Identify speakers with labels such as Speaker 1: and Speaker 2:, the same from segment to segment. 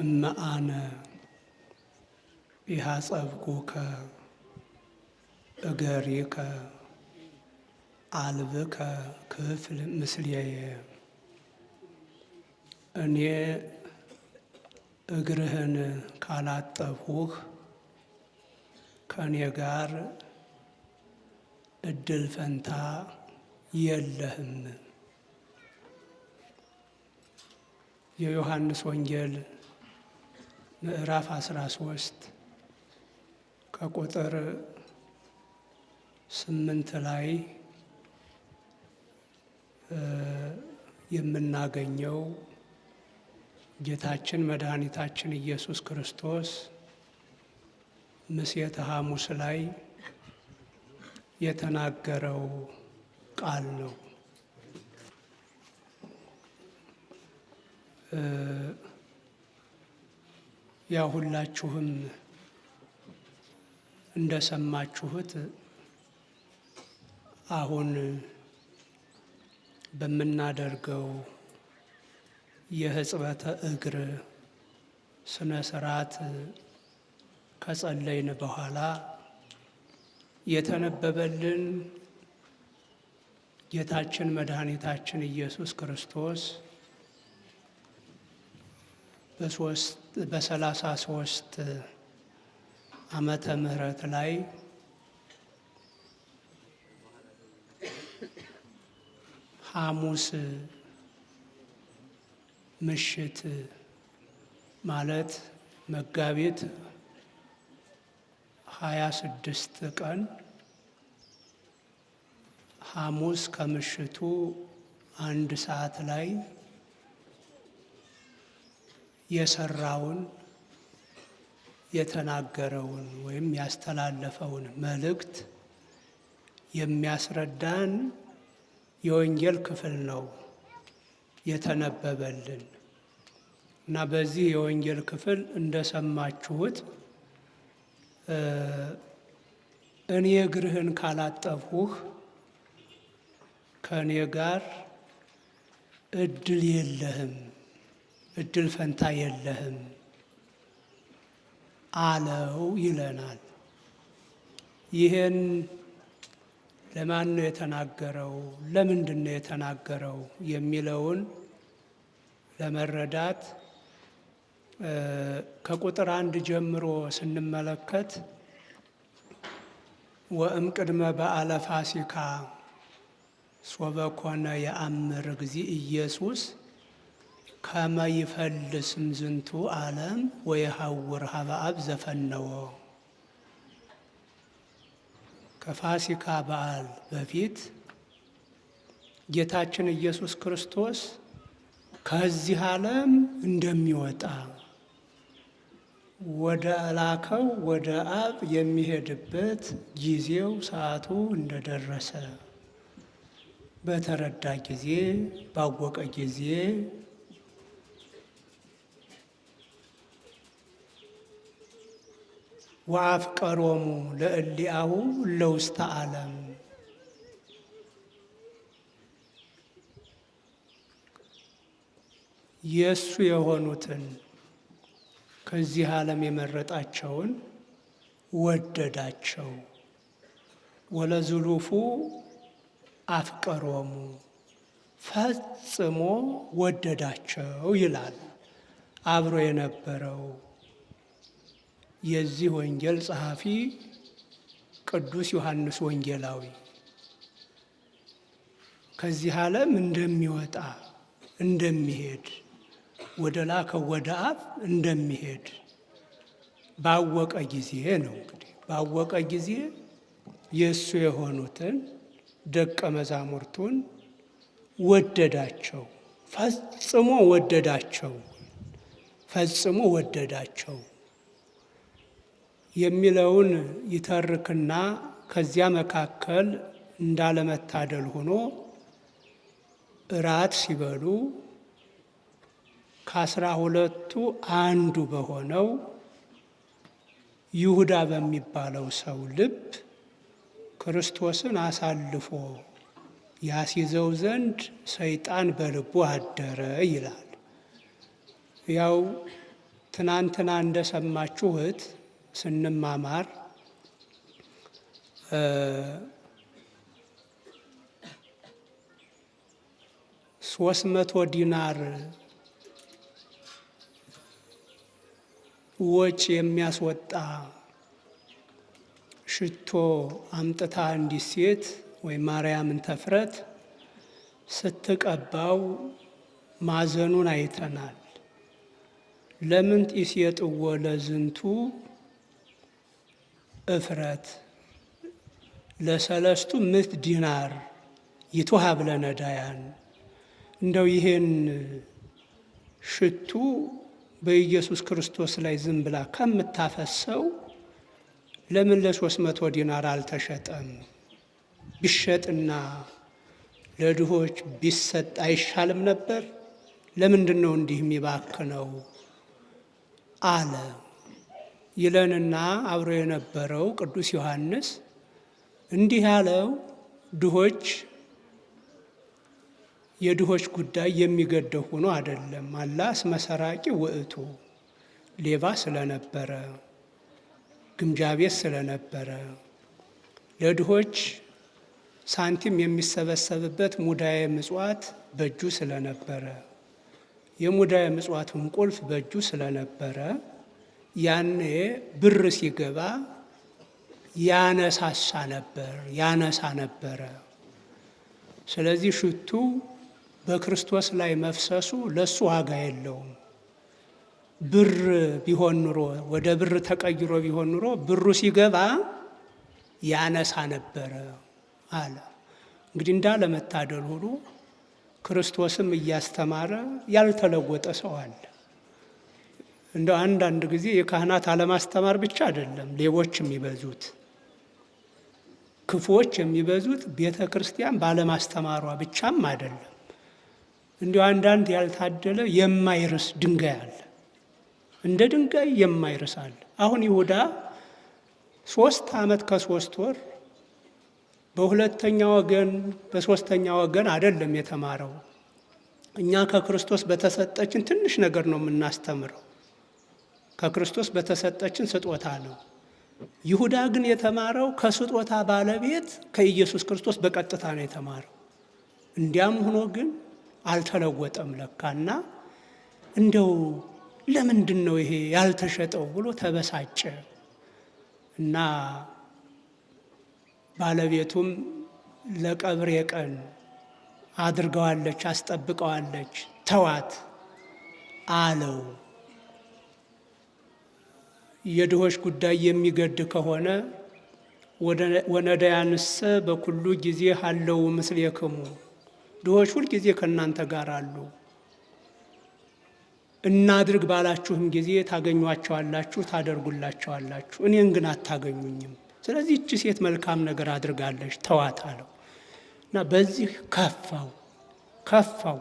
Speaker 1: እመአነ ኢሐጸብኩከ እገሪከ አልብከ ክፍል ምስሌየ እኔ እግርህን ካላጠብሁህ ከእኔ ጋር እድል ፈንታ የለህም። የዮሐንስ ወንጌል ምዕራፍ 13 ከቁጥር ስምንት ላይ የምናገኘው ጌታችን መድኃኒታችን ኢየሱስ ክርስቶስ ምሴተ ሐሙስ ላይ የተናገረው ቃል ነው። ያሁላችሁም ሁላችሁም እንደሰማችሁት አሁን በምናደርገው የሕጽበተ እግር ስነ ስርዓት ከጸለይን በኋላ የተነበበልን ጌታችን መድኃኒታችን ኢየሱስ ክርስቶስ በሶስት በሰላሳ ሶስት አመተ ምህረት ላይ ሐሙስ ምሽት ማለት መጋቢት ሀያ ስድስት ቀን ሐሙስ ከምሽቱ አንድ ሰዓት ላይ የሰራውን የተናገረውን ወይም ያስተላለፈውን መልእክት የሚያስረዳን የወንጌል ክፍል ነው የተነበበልን እና በዚህ የወንጌል ክፍል እንደሰማችሁት እኔ እግርህን ካላጠፉህ ከእኔ ጋር እድል የለህም እድል ፈንታ የለህም አለው ይለናል። ይህን ለማን ነው የተናገረው? ለምንድን ነው የተናገረው? የሚለውን ለመረዳት ከቁጥር አንድ ጀምሮ ስንመለከት ወእምቅድመ በዓለ ፋሲካ ሶበኮነ የአምር ጊዜ ኢየሱስ ከመ ይፈልስም ዝንቱ ዓለም ወየሐውር ሀበ አብ ዘፈነወ። ከፋሲካ በዓል በፊት ጌታችን ኢየሱስ ክርስቶስ ከዚህ ዓለም እንደሚወጣ ወደ ላከው ወደ አብ የሚሄድበት ጊዜው ሰዓቱ እንደደረሰ በተረዳ ጊዜ ባወቀ ጊዜ ወአፍቀሮሙ ለእሊአሁ ለውስተ ዓለም የእሱ የሆኑትን ከዚህ ዓለም የመረጣቸውን ወደዳቸው። ወለዝሉፉ አፍቀሮሙ ፈጽሞ ወደዳቸው ይላል አብሮ የነበረው የዚህ ወንጌል ጸሐፊ ቅዱስ ዮሐንስ ወንጌላዊ ከዚህ ዓለም እንደሚወጣ እንደሚሄድ ወደ ላከው ወደ አብ እንደሚሄድ ባወቀ ጊዜ ነው። እንግዲህ ባወቀ ጊዜ የእሱ የሆኑትን ደቀ መዛሙርቱን ወደዳቸው፣ ፈጽሞ ወደዳቸው፣ ፈጽሞ ወደዳቸው። የሚለውን ይተርክና ከዚያ መካከል እንዳለመታደል ሆኖ እራት ሲበሉ ከአስራ ሁለቱ አንዱ በሆነው ይሁዳ በሚባለው ሰው ልብ ክርስቶስን አሳልፎ ያስይዘው ዘንድ ሰይጣን በልቡ አደረ ይላል። ያው ትናንትና እንደሰማችሁት ስንማማር ሶስት መቶ ዲናር ወጪ የሚያስወጣ ሽቶ አምጥታ እንዲህ ሴት ወይም ማርያምን ተፍረት ስትቀባው ማዘኑን አይተናል። ለምን ጢስ የጥወ ለዝንቱ እፍረት ለሰለስቱ ምት ዲናር ይትወሀብ ለነዳያን። እንደው ይህን ሽቱ በኢየሱስ ክርስቶስ ላይ ዝም ብላ ከምታፈሰው ለምን ለሶስት መቶ ዲናር አልተሸጠም? ቢሸጥና ለድሆች ቢሰጥ አይሻልም ነበር? ለምንድን ነው እንዲህ የሚባክነው? አለም ይለንና አብሮ የነበረው ቅዱስ ዮሐንስ እንዲህ ያለው ድሆች የድሆች ጉዳይ የሚገደው ሆኖ አይደለም። አላስ መሰራቂ ውእቱ ሌባ ስለነበረ ግምጃ ቤት ስለነበረ ለድሆች ሳንቲም የሚሰበሰብበት ሙዳየ ምጽዋት በእጁ ስለነበረ የሙዳየ ምጽዋቱን ቁልፍ በእጁ ስለነበረ ያኔ ብር ሲገባ ያነሳሳ ነበር ያነሳ ነበረ። ስለዚህ ሽቱ በክርስቶስ ላይ መፍሰሱ ለሱ ዋጋ የለውም። ብር ቢሆን ኑሮ ወደ ብር ተቀይሮ ቢሆን ኑሮ ብሩ ሲገባ ያነሳ ነበረ አለ። እንግዲህ እንዳለመታደል ሁሉ ክርስቶስም እያስተማረ ያልተለወጠ ሰው አለ። እንደ አንዳንድ ጊዜ የካህናት አለማስተማር ብቻ አይደለም ሌቦች የሚበዙት ክፉዎች የሚበዙት ቤተ ክርስቲያን ባለማስተማሯ ብቻም አይደለም። እንዲሁ አንዳንድ ያልታደለ የማይርስ ድንጋይ አለ፣ እንደ ድንጋይ የማይርስ አለ። አሁን ይሁዳ ሶስት ዓመት ከሶስት ወር በሁለተኛ ወገን በሶስተኛ ወገን አይደለም የተማረው። እኛ ከክርስቶስ በተሰጠችን ትንሽ ነገር ነው የምናስተምረው። ከክርስቶስ በተሰጠችን ስጦታ ነው። ይሁዳ ግን የተማረው ከስጦታ ባለቤት ከኢየሱስ ክርስቶስ በቀጥታ ነው የተማረው። እንዲያም ሆኖ ግን አልተለወጠም ለካና እንደው ለምንድን ነው ይሄ ያልተሸጠው ብሎ ተበሳጨ እና ባለቤቱም ለቀብሬ ቀን አድርገዋለች፣ አስጠብቀዋለች፣ ተዋት አለው። የድሆች ጉዳይ የሚገድ ከሆነ ወነዳያንሰ በኩሉ ጊዜ ሀለው ምስሌክሙ፣ ድሆች ጊዜ ከእናንተ ጋር አሉ። እናድርግ ባላችሁም ጊዜ ታገኟቸዋላችሁ፣ ታደርጉላቸዋላችሁ፣ እኔን ግን አታገኙኝም። ስለዚህ እቺ ሴት መልካም ነገር አድርጋለች፣ ተዋት አለው እና በዚህ ከፋው ከፋው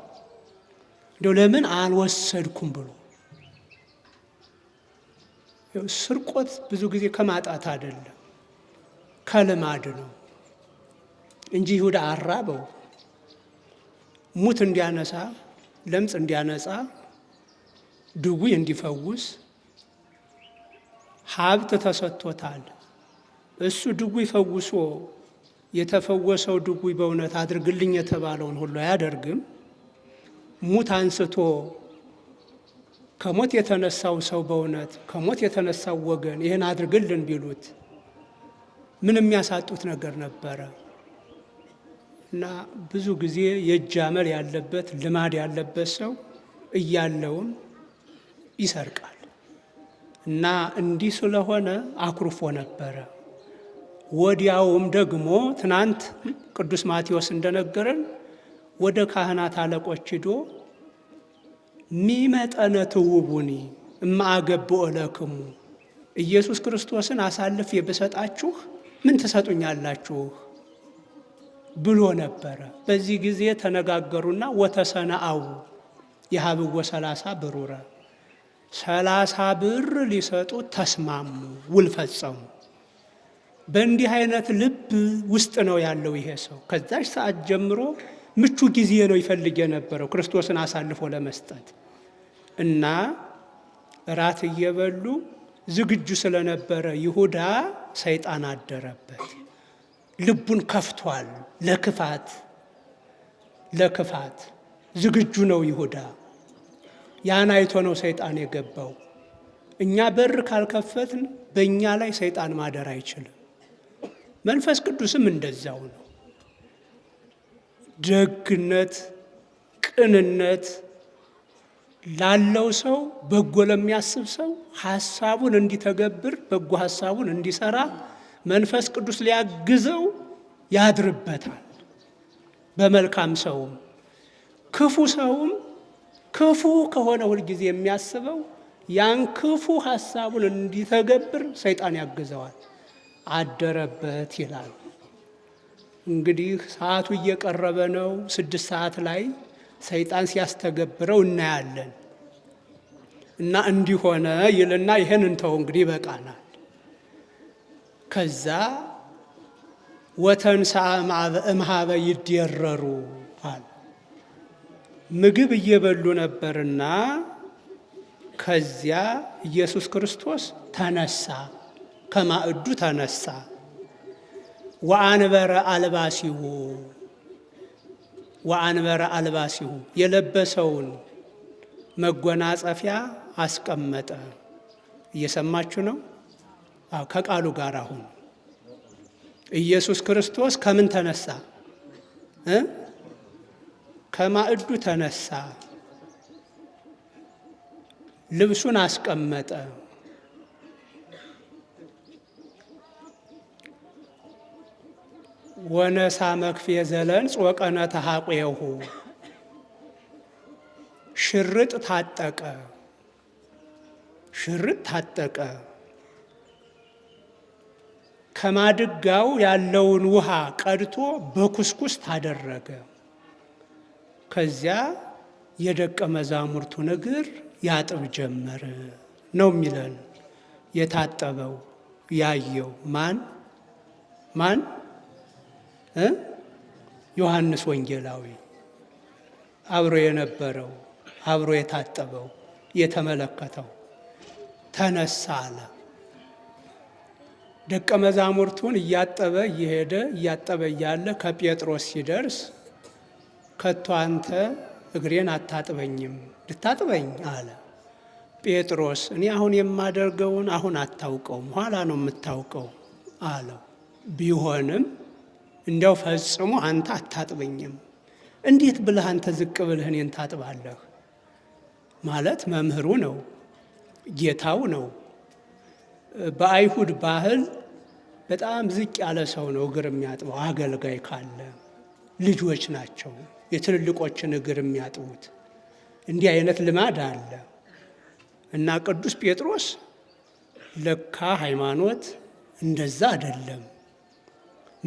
Speaker 1: እንደው ለምን አልወሰድኩም ብሎ ስርቆት ብዙ ጊዜ ከማጣት አይደለም ከልማድ ነው እንጂ ይሁዳ አራበው። ሙት እንዲያነሳ፣ ለምጽ እንዲያነጻ፣ ድውይ እንዲፈውስ ሀብት ተሰጥቶታል። እሱ ድውይ ፈውሶ የተፈወሰው ድውይ በእውነት አድርግልኝ የተባለውን ሁሉ አያደርግም። ሙት አንስቶ ከሞት የተነሳው ሰው በእውነት ከሞት የተነሳው ወገን ይህን አድርግልን ቢሉት ምን የሚያሳጡት ነገር ነበረ? እና ብዙ ጊዜ የእጅ አመል ያለበት ልማድ ያለበት ሰው እያለውም ይሰርቃል። እና እንዲህ ስለሆነ አኩርፎ ነበረ። ወዲያውም ደግሞ ትናንት ቅዱስ ማቴዎስ እንደነገረን ወደ ካህናት አለቆች ሂዶ ሚመጠነ ትውቡኒ እማአገብኦ ለክሙ ኢየሱስ ክርስቶስን አሳልፌ ብሰጣችሁ ምን ትሰጡኛላችሁ ብሎ ነበረ። በዚህ ጊዜ ተነጋገሩና ወተሰነአው የሀብወ ሰላሳ ብሩረ ሰላሳ ብር ሊሰጡ ተስማሙ፣ ውል ፈጸሙ። በእንዲህ አይነት ልብ ውስጥ ነው ያለው ይሄ ሰው ከዛች ሰዓት ጀምሮ ምቹ ጊዜ ነው ይፈልግ የነበረው ክርስቶስን አሳልፎ ለመስጠት እና እራት እየበሉ ዝግጁ ስለነበረ ይሁዳ ሰይጣን አደረበት። ልቡን ከፍቷል። ለክፋት ለክፋት ዝግጁ ነው ይሁዳ። ያን አይቶ ነው ሰይጣን የገባው። እኛ በር ካልከፈትን በእኛ ላይ ሰይጣን ማደር አይችልም። መንፈስ ቅዱስም እንደዛው ነው። ደግነት፣ ቅንነት ላለው ሰው በጎ ለሚያስብ ሰው ሀሳቡን እንዲተገብር በጎ ሀሳቡን እንዲሰራ መንፈስ ቅዱስ ሊያግዘው ያድርበታል። በመልካም ሰውም ክፉ ሰውም ክፉ ከሆነ ሁልጊዜ የሚያስበው ያን ክፉ ሀሳቡን እንዲተገብር ሰይጣን ያግዘዋል። አደረበት ይላል። እንግዲህ ሰዓቱ እየቀረበ ነው። ስድስት ሰዓት ላይ ሰይጣን ሲያስተገብረው እናያለን። እና እንዲሆነ ይልና ይህን እንተው እንግዲህ ይበቃናል። ከዛ ወተንሳ እምሃበ ይደረሩ አለ። ምግብ እየበሉ ነበርና ከዚያ ኢየሱስ ክርስቶስ ተነሳ፣ ከማዕዱ ተነሳ። ወአንበረ አልባሲሁ ወአንበረ አልባሲሁ የለበሰውን መጎናጸፊያ አስቀመጠ። እየሰማችሁ ነው? አዎ፣ ከቃሉ ጋር አሁን ኢየሱስ ክርስቶስ ከምን ተነሳ? ከማዕዱ ተነሳ። ልብሱን አስቀመጠ። ወነሳ መክፌ ዘለንጽ ወቀነ ተሐቆየሁ ሽርጥ ታጠቀ ሽርጥ ታጠቀ ከማድጋው ያለውን ውሃ ቀድቶ በኩስኩስ ታደረገ። ከዚያ የደቀ መዛሙርቱ እግር ያጥብ ጀመረ ነው የሚለን። የታጠበው ያየው ማን ማን ዮሐንስ ወንጌላዊ አብሮ የነበረው አብሮ የታጠበው የተመለከተው ተነሳ አለ። ደቀ መዛሙርቱን እያጠበ እየሄደ እያጠበ እያለ ከጴጥሮስ ሲደርስ ከቶ አንተ እግሬን አታጥበኝም ልታጥበኝ አለ። ጴጥሮስ እኔ አሁን የማደርገውን አሁን አታውቀውም፣ ኋላ ነው የምታውቀው አለው። ቢሆንም እንዲያው ፈጽሞ አንተ አታጥበኝም፣ እንዴት ብለህ አንተ ዝቅ ብለህ እኔን ታጥባለህ? ማለት መምህሩ ነው፣ ጌታው ነው። በአይሁድ ባህል በጣም ዝቅ ያለ ሰው ነው እግር የሚያጥበው፣ አገልጋይ ካለ ልጆች ናቸው የትልልቆችን እግር የሚያጥቡት። እንዲህ አይነት ልማድ አለ እና ቅዱስ ጴጥሮስ ለካ ሃይማኖት እንደዛ አይደለም።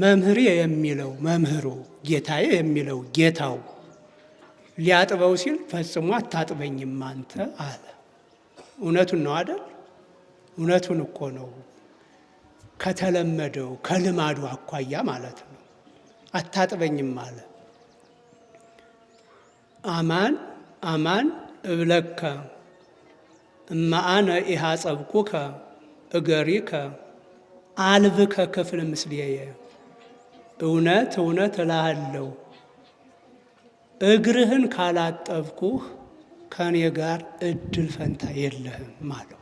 Speaker 1: መምህሬ የሚለው መምህሩ፣ ጌታዬ የሚለው ጌታው ሊያጥበው ሲል ፈጽሞ አታጥበኝም አንተ አለ። እውነቱን ነው አደል? እውነቱን እኮ ነው። ከተለመደው ከልማዱ አኳያ ማለት ነው። አታጥበኝም አለ። አማን አማን እብለከ እማአነ ኢሃ ጸብኩከ እገሪከ አልብከ ክፍል ምስሌየ እውነት እውነት እልሃለሁ እግርህን ካላጠብኩህ ከእኔ ጋር እድል ፈንታ የለህም አለው።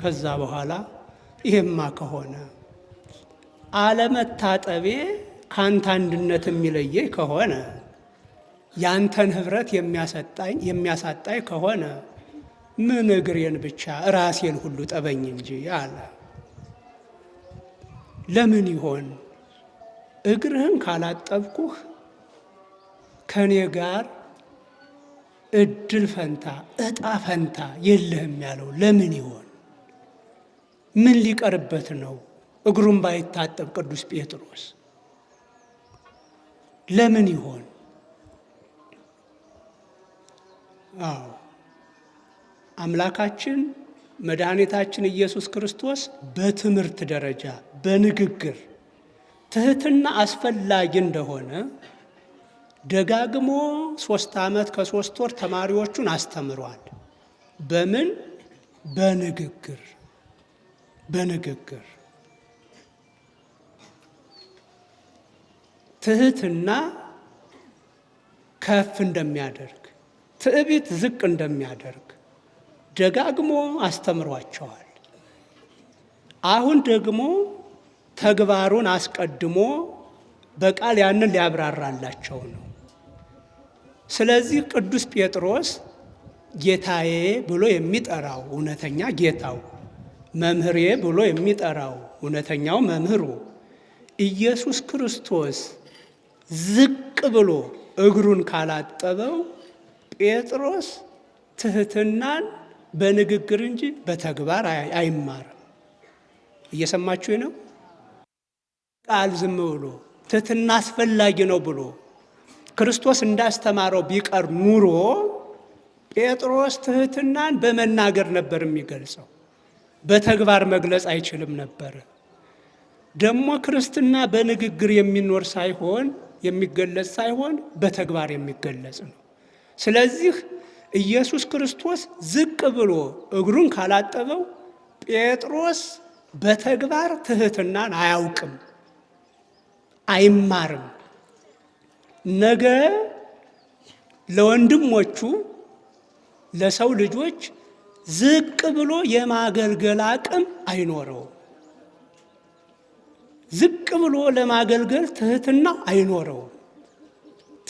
Speaker 1: ከዛ በኋላ ይሄማ ከሆነ አለመታጠቤ ከአንተ አንድነት የሚለየኝ ከሆነ ያንተን ኅብረት የሚያሳጣኝ የሚያሳጣኝ ከሆነ ምን እግሬን ብቻ ራሴን ሁሉ ጠበኝ እንጂ አለ። ለምን ይሆን እግርህን ካላጠብኩህ ከእኔ ጋር እድል ፈንታ እጣ ፈንታ የለህም ያለው ለምን ይሆን? ምን ሊቀርበት ነው? እግሩን ባይታጠብ ቅዱስ ጴጥሮስ ለምን ይሆን? አዎ አምላካችን መድኃኒታችን ኢየሱስ ክርስቶስ በትምህርት ደረጃ በንግግር ትህትና አስፈላጊ እንደሆነ ደጋግሞ ሶስት ዓመት ከሶስት ወር ተማሪዎቹን አስተምሯል። በምን በንግግር በንግግር ትህትና ከፍ እንደሚያደርግ ትዕቢት ዝቅ እንደሚያደርግ ደጋግሞ አስተምሯቸዋል። አሁን ደግሞ ተግባሩን አስቀድሞ በቃል ያንን ሊያብራራላቸው ነው። ስለዚህ ቅዱስ ጴጥሮስ ጌታዬ ብሎ የሚጠራው እውነተኛ ጌታው፣ መምህሬ ብሎ የሚጠራው እውነተኛው መምህሩ ኢየሱስ ክርስቶስ ዝቅ ብሎ እግሩን ካላጠበው ጴጥሮስ ትህትናን በንግግር እንጂ በተግባር አይማርም። እየሰማችሁ ነው። ቃል ዝም ብሎ ትህትና አስፈላጊ ነው ብሎ ክርስቶስ እንዳስተማረው ቢቀር ኑሮ ጴጥሮስ ትህትናን በመናገር ነበር የሚገልጸው፣ በተግባር መግለጽ አይችልም ነበር። ደግሞ ክርስትና በንግግር የሚኖር ሳይሆን የሚገለጽ ሳይሆን በተግባር የሚገለጽ ነው። ስለዚህ ኢየሱስ ክርስቶስ ዝቅ ብሎ እግሩን ካላጠበው ጴጥሮስ በተግባር ትህትናን አያውቅም፣ አይማርም። ነገ ለወንድሞቹ ለሰው ልጆች ዝቅ ብሎ የማገልገል አቅም አይኖረውም። ዝቅ ብሎ ለማገልገል ትህትና አይኖረውም።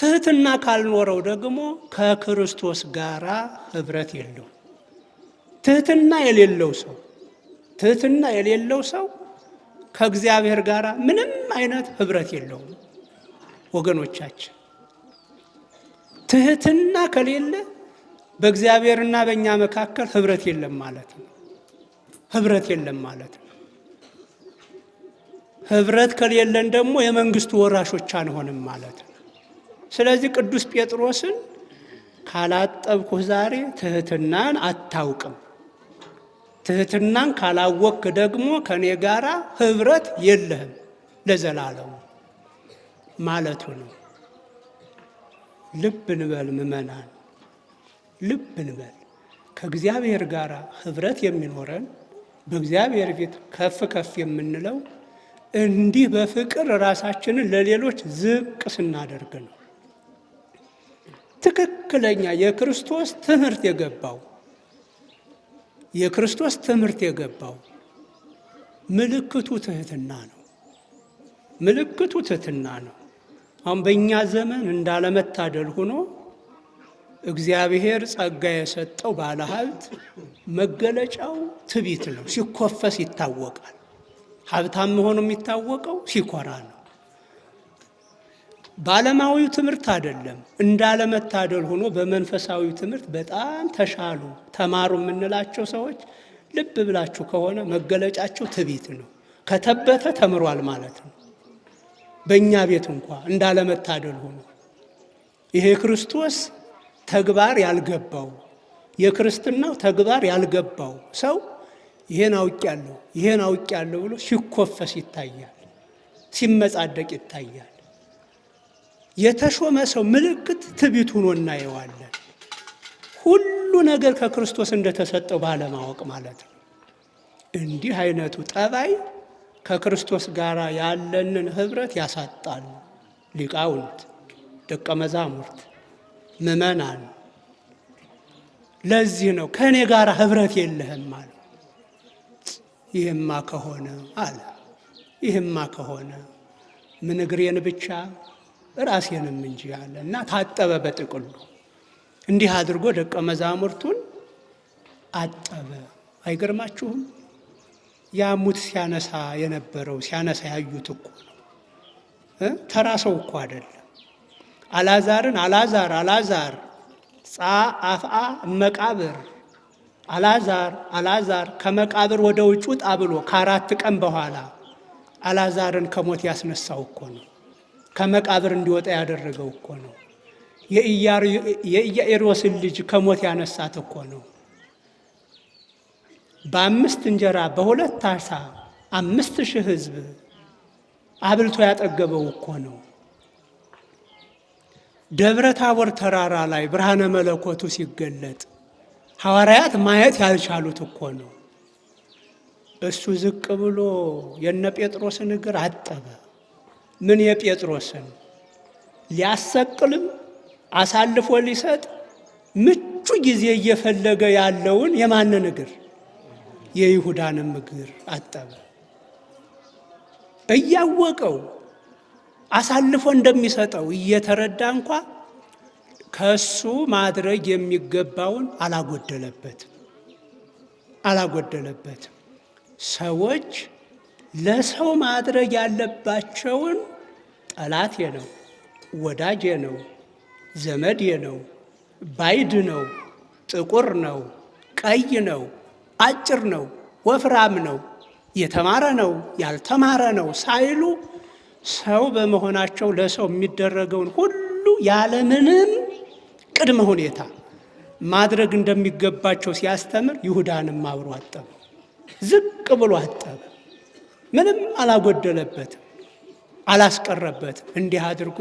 Speaker 1: ትህትና ካልኖረው ደግሞ ከክርስቶስ ጋር ህብረት የለው። ትህትና የሌለው ሰው ትህትና የሌለው ሰው ከእግዚአብሔር ጋር ምንም አይነት ህብረት የለውም። ወገኖቻችን ትህትና ከሌለ በእግዚአብሔርና በእኛ መካከል ህብረት የለም ማለት ነው። ህብረት የለም ማለት ነው። ህብረት ከሌለን ደግሞ የመንግስቱ ወራሾች አንሆንም ማለት ነው። ስለዚህ ቅዱስ ጴጥሮስን ካላጠብኩህ ዛሬ ትህትናን አታውቅም፣ ትህትናን ካላወቅክ ደግሞ ከእኔ ጋር ህብረት የለህም ለዘላለሙ ማለቱ ነው። ልብ ንበል ምመናን፣ ልብ ንበል። ከእግዚአብሔር ጋር ህብረት የሚኖረን በእግዚአብሔር ፊት ከፍ ከፍ የምንለው እንዲህ በፍቅር ራሳችንን ለሌሎች ዝቅ ስናደርግ ነው። ትክክለኛ የክርስቶስ ትምህርት የገባው የክርስቶስ ትምህርት የገባው ምልክቱ ትህትና ነው። ምልክቱ ትህትና ነው። አሁን በእኛ ዘመን እንዳለመታደል ሆኖ እግዚአብሔር ጸጋ የሰጠው ባለሀብት መገለጫው ትቢት ነው። ሲኮፈስ ይታወቃል። ሀብታም መሆኑ የሚታወቀው ሲኮራ ነው። በዓለማዊ ትምህርት አይደለም፣ እንዳለመታደል ሆኖ በመንፈሳዊ ትምህርት በጣም ተሻሉ ተማሩ የምንላቸው ሰዎች ልብ ብላችሁ ከሆነ መገለጫቸው ትቢት ነው። ከተበተ ተምሯል ማለት ነው። በእኛ ቤት እንኳ እንዳለመታደል ሆኖ ይሄ ክርስቶስ ተግባር ያልገባው የክርስትናው ተግባር ያልገባው ሰው ይሄን አውቅ ያለው ይሄን አውቅ ብሎ ሲኮፈስ ይታያል፣ ሲመጻደቅ ይታያል። የተሾመ ሰው ምልክት ትቢት ሆኖ እናየዋለን። ሁሉ ነገር ከክርስቶስ እንደተሰጠው ባለማወቅ ማለት ነው። እንዲህ አይነቱ ጠባይ ከክርስቶስ ጋር ያለንን ኅብረት ያሳጣል። ሊቃውንት፣ ደቀ መዛሙርት፣ ምእመናን ለዚህ ነው ከእኔ ጋር ኅብረት የለህም አለ። ይህማ ከሆነ አለ ይህማ ከሆነ ምን እግሬን ብቻ ራሴንም እንጂ አለ እና ታጠበ በጥቅሉ እንዲህ አድርጎ ደቀ መዛሙርቱን አጠበ። አይገርማችሁም? ያሙት ሲያነሳ የነበረው ሲያነሳ ያዩት እኮ ነው። ተራ ሰው እኮ አይደለም። አላዛርን አላዛር አላዛር ጻ አፍአ መቃብር አላዛር አላዛር ከመቃብር ወደ ውጭ ውጣ ብሎ ከአራት ቀን በኋላ አላዛርን ከሞት ያስነሳው እኮ ነው። ከመቃብር እንዲወጣ ያደረገው እኮ ነው። የኢያኢሮስን ልጅ ከሞት ያነሳት እኮ ነው። በአምስት እንጀራ በሁለት አሳ አምስት ሺህ ሕዝብ አብልቶ ያጠገበው እኮ ነው። ደብረ ታቦር ተራራ ላይ ብርሃነ መለኮቱ ሲገለጥ ሐዋርያት ማየት ያልቻሉት እኮ ነው። እሱ ዝቅ ብሎ የነ ጴጥሮስን እግር አጠበ። ምን የጴጥሮስን ሊያሰቅልም አሳልፎ ሊሰጥ ምቹ ጊዜ እየፈለገ ያለውን የማንን እግር? የይሁዳንም እግር አጠበ። እያወቀው አሳልፎ እንደሚሰጠው እየተረዳ እንኳ ከሱ ማድረግ የሚገባውን አላጎደለበትም አላጎደለበትም። ሰዎች ለሰው ማድረግ ያለባቸውን ጠላቴ ነው፣ ወዳጄ ነው፣ ዘመዴ ነው፣ ባይድ ነው፣ ጥቁር ነው፣ ቀይ ነው፣ አጭር ነው፣ ወፍራም ነው፣ የተማረ ነው፣ ያልተማረ ነው ሳይሉ ሰው በመሆናቸው ለሰው የሚደረገውን ሁሉ ያለምንም ቅድመ ሁኔታ ማድረግ እንደሚገባቸው ሲያስተምር ይሁዳንም አብሮ አጠበ፣ ዝቅ ብሎ አጠበ። ምንም አላጎደለበትም፣ አላስቀረበትም። እንዲህ አድርጎ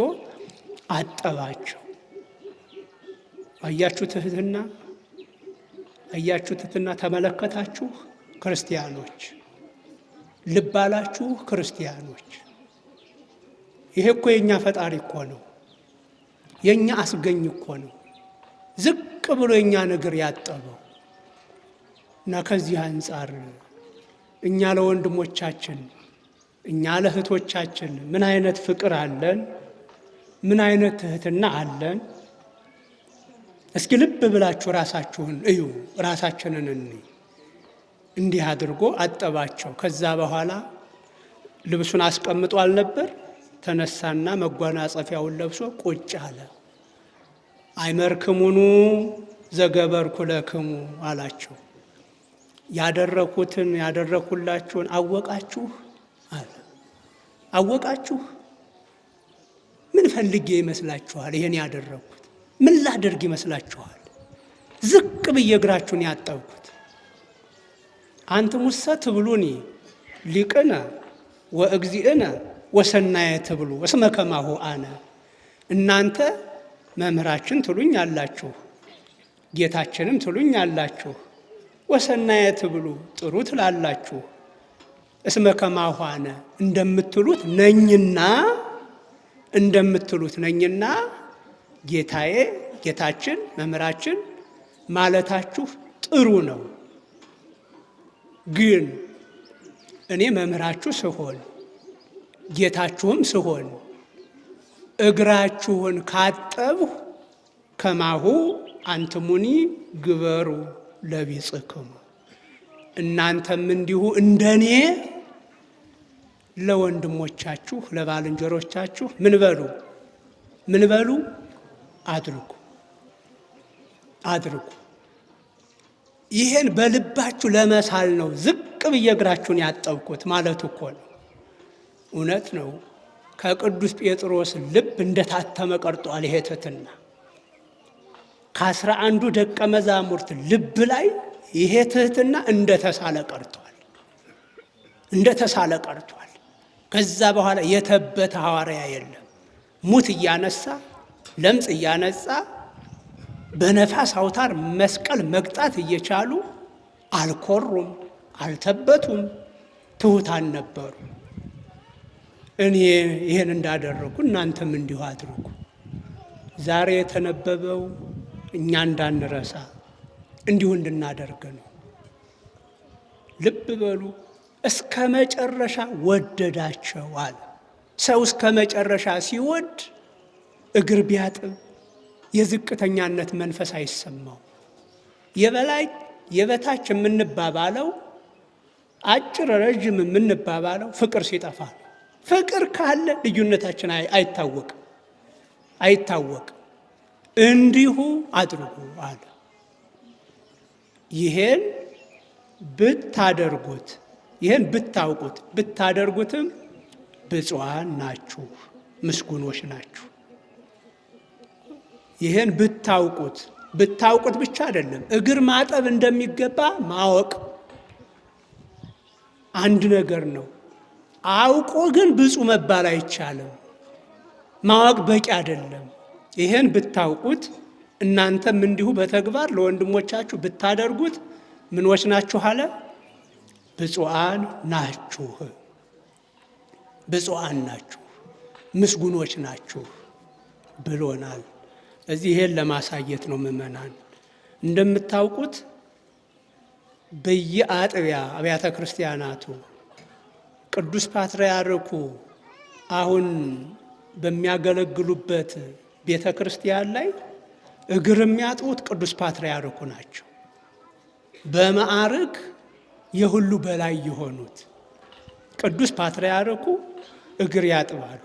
Speaker 1: አጠባቸው። አያችሁ ትህትና፣ አያችሁ ትህትና፣ ተመለከታችሁ ክርስቲያኖች፣ ልባላችሁ ክርስቲያኖች። ይሄ እኮ የእኛ ፈጣሪ እኮ ነው፣ የእኛ አስገኝ እኮ ነው። ዝቅ ብሎ የእኛ እግር ያጠበው እና ከዚህ አንጻር እኛ ለወንድሞቻችን እኛ ለእህቶቻችን ምን አይነት ፍቅር አለን? ምን አይነት ትህትና አለን? እስኪ ልብ ብላችሁ ራሳችሁን እዩ፣ ራሳችንን እንይ። እንዲህ አድርጎ አጠባቸው። ከዛ በኋላ ልብሱን አስቀምጦ አልነበር? ተነሳና መጓናጸፊያውን ለብሶ ቁጭ አለ። አይመርክሙኑ ዘገበርኩ ለክሙ አላቸው። ያደረኩትን ያደረኩላችሁን አወቃችሁ አለ። አወቃችሁ ምን ፈልጌ ይመስላችኋል? ይሄን ያደረኩት ምን ላደርግ ይመስላችኋል? ዝቅ ብዬ እግራችሁን ያጠብኩት። አንትሙሰ ሙሳ ትብሉኒ ሊቅነ ወእግዚእነ ወሰናየ ትብሉ እስመ ከማሁ አነ። እናንተ መምህራችን ትሉኝ አላችሁ፣ ጌታችንም ትሉኝ አላችሁ ወሰናየ ትብሉ ጥሩ ትላላችሁ እስመ ከማኋነ እንደምትሉት ነኝና እንደምትሉት ነኝና ጌታዬ ጌታችን መምህራችን ማለታችሁ ጥሩ ነው። ግን እኔ መምህራችሁ ስሆን ጌታችሁም ስሆን እግራችሁን ካጠብሁ ከማሁ አንትሙኒ ግበሩ ለቢጽክሙ እናንተም እንዲሁ እንደኔ ለወንድሞቻችሁ ለባልንጀሮቻችሁ ምን በሉ ምን በሉ አድርጉ አድርጉ። ይሄን በልባችሁ ለመሳል ነው ዝቅ ብዬ እግራችሁን ያጠብኩት ማለት እኮ ነው። እውነት ነው። ከቅዱስ ጴጥሮስ ልብ እንደታተመ ቀርጧል ይሄ ከአስራ አንዱ ደቀ መዛሙርት ልብ ላይ ይሄ ትህትና ተሳለ ቀርቷል፣ ተሳለ ቀርቷል። ከዛ በኋላ የተበተ ሐዋርያ የለም። ሙት እያነሳ ለምጽ እያነጻ በነፋስ አውታር መስቀል መግጣት እየቻሉ አልኮሩም፣ አልተበቱም፣ ትሑታን ነበሩ። እኔ ይህን እንዳደረጉ እናንተም እንዲሁ አድርጉ። ዛሬ የተነበበው እኛ እንዳንረሳ እንዲሁ እንድናደርግ ነው። ልብ በሉ። እስከ መጨረሻ ወደዳቸው አለ። ሰው እስከ መጨረሻ ሲወድ እግር ቢያጥብ የዝቅተኛነት መንፈስ አይሰማው። የበላይ የበታች የምንባባለው አጭር ረዥም የምንባባለው ፍቅር ሲጠፋ፣ ፍቅር ካለ ልዩነታችን አይታወቅ አይታወቅም። እንዲሁ አድርጉ አለ። ይሄን ብታደርጉት ይህን ብታውቁት ብታደርጉትም ብፁዓን ናችሁ ምስጉኖች ናችሁ። ይህን ብታውቁት ብታውቁት ብቻ አይደለም፣ እግር ማጠብ እንደሚገባ ማወቅ አንድ ነገር ነው። አውቆ ግን ብፁ መባል አይቻልም። ማወቅ በቂ አይደለም። ይህን ብታውቁት እናንተም እንዲሁ በተግባር ለወንድሞቻችሁ ብታደርጉት ምኖች ናችሁ አለ ብፁዓን ናችሁ፣ ብፁዓን ናችሁ፣ ምስጉኖች ናችሁ ብሎናል። እዚህ ይሄን ለማሳየት ነው። ምእመናን እንደምታውቁት በየአጥቢያ አብያተ ክርስቲያናቱ ቅዱስ ፓትርያርኩ አሁን በሚያገለግሉበት ቤተ ክርስቲያን ላይ እግር የሚያጥቡት ቅዱስ ፓትርያርኩ ናቸው። በማዕርግ የሁሉ በላይ የሆኑት ቅዱስ ፓትርያርኩ እግር ያጥባሉ።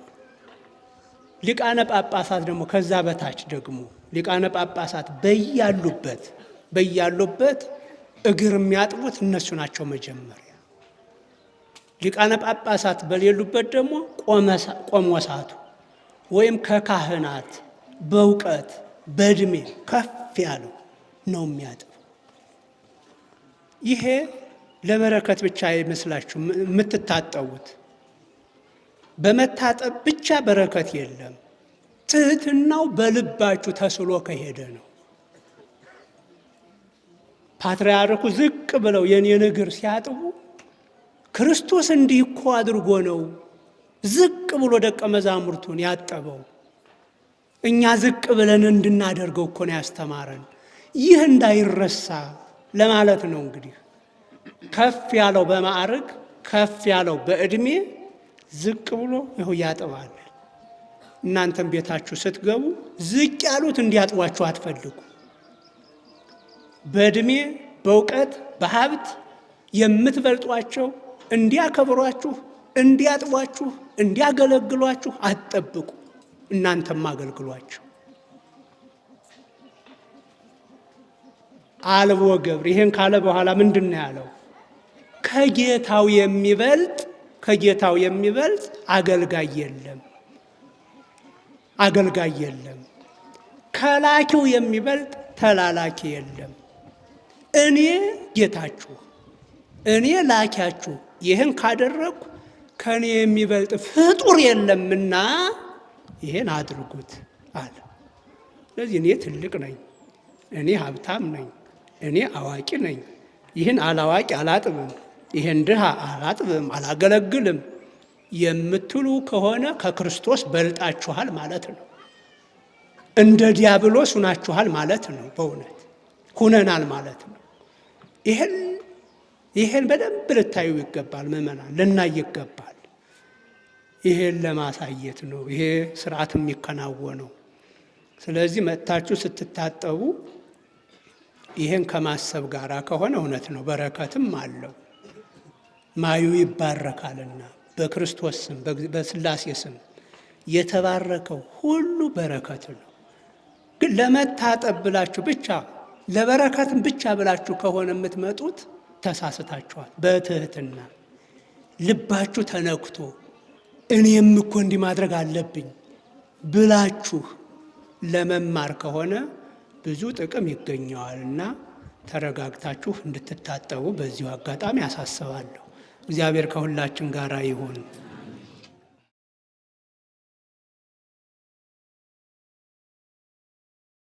Speaker 1: ሊቃነ ጳጳሳት ደግሞ ከዛ በታች ደግሞ ሊቃነ ጳጳሳት በያሉበት በያሉበት እግር የሚያጥቡት እነሱ ናቸው። መጀመሪያ ሊቃነ ጳጳሳት በሌሉበት ደግሞ ቆሞሳቱ ወይም ከካህናት በእውቀት በእድሜ ከፍ ያለው ነው የሚያጥበው። ይሄ ለበረከት ብቻ አይመስላችሁ የምትታጠቡት። በመታጠብ ብቻ በረከት የለም። ትህትናው በልባችሁ ተስሎ ከሄደ ነው። ፓትርያርኩ ዝቅ ብለው የኔን እግር ሲያጥቡ ክርስቶስ እንዲህ እኮ አድርጎ ነው ዝቅ ብሎ ደቀ መዛሙርቱን ያጠበው። እኛ ዝቅ ብለን እንድናደርገው እኮ ነው ያስተማረን። ይህ እንዳይረሳ ለማለት ነው። እንግዲህ ከፍ ያለው በማዕረግ ከፍ ያለው በእድሜ ዝቅ ብሎ ይኸው ያጥባል። እናንተም ቤታችሁ ስትገቡ ዝቅ ያሉት እንዲያጥቧችሁ አትፈልጉ። በእድሜ በእውቀት በሀብት የምትበልጧቸው እንዲያከብሯችሁ፣ እንዲያጥቧችሁ፣ እንዲያገለግሏችሁ አትጠብቁ። እናንተም አገልግሏቸው። አልቦ ገብር ይሄን ካለ በኋላ ምንድን ነው ያለው? ከጌታው የሚበልጥ ከጌታው የሚበልጥ አገልጋይ የለም፣ አገልጋይ የለም። ከላኪው የሚበልጥ ተላላኪ የለም። እኔ ጌታችሁ፣ እኔ ላኪያችሁ ይህን ካደረግኩ ከእኔ የሚበልጥ ፍጡር የለምና ይሄን አድርጉት አለ። ስለዚህ እኔ ትልቅ ነኝ፣ እኔ ሀብታም ነኝ፣ እኔ አዋቂ ነኝ፣ ይህን አላዋቂ አላጥብም፣ ይህን ድሃ አላጥብም፣ አላገለግልም የምትሉ ከሆነ ከክርስቶስ በልጣችኋል ማለት ነው። እንደ ዲያብሎስ ሁናችኋል ማለት ነው። በእውነት ሁነናል ማለት ነው። ይህን ይህን በደንብ ልታዩ ይገባል ምእመናን፣ ልናይ ይገባል። ይሄን ለማሳየት ነው ይሄ ስርዓት የሚከናወነው። ስለዚህ መጥታችሁ ስትታጠቡ ይሄን ከማሰብ ጋር ከሆነ እውነት ነው፣ በረከትም አለው። ማዩ ይባረካልና በክርስቶስ ስም በስላሴ ስም የተባረከው ሁሉ በረከት ነው። ግን ለመታጠብ ብላችሁ ብቻ ለበረከትም ብቻ ብላችሁ ከሆነ የምትመጡት ተሳስታችኋል። በትህትና ልባችሁ ተነክቶ እኔም እኮ እንዲህ ማድረግ አለብኝ ብላችሁ ለመማር ከሆነ ብዙ ጥቅም ይገኘዋልና ተረጋግታችሁ እንድትታጠቡ በዚሁ አጋጣሚ አሳስባለሁ። እግዚአብሔር ከሁላችን ጋር ይሁን።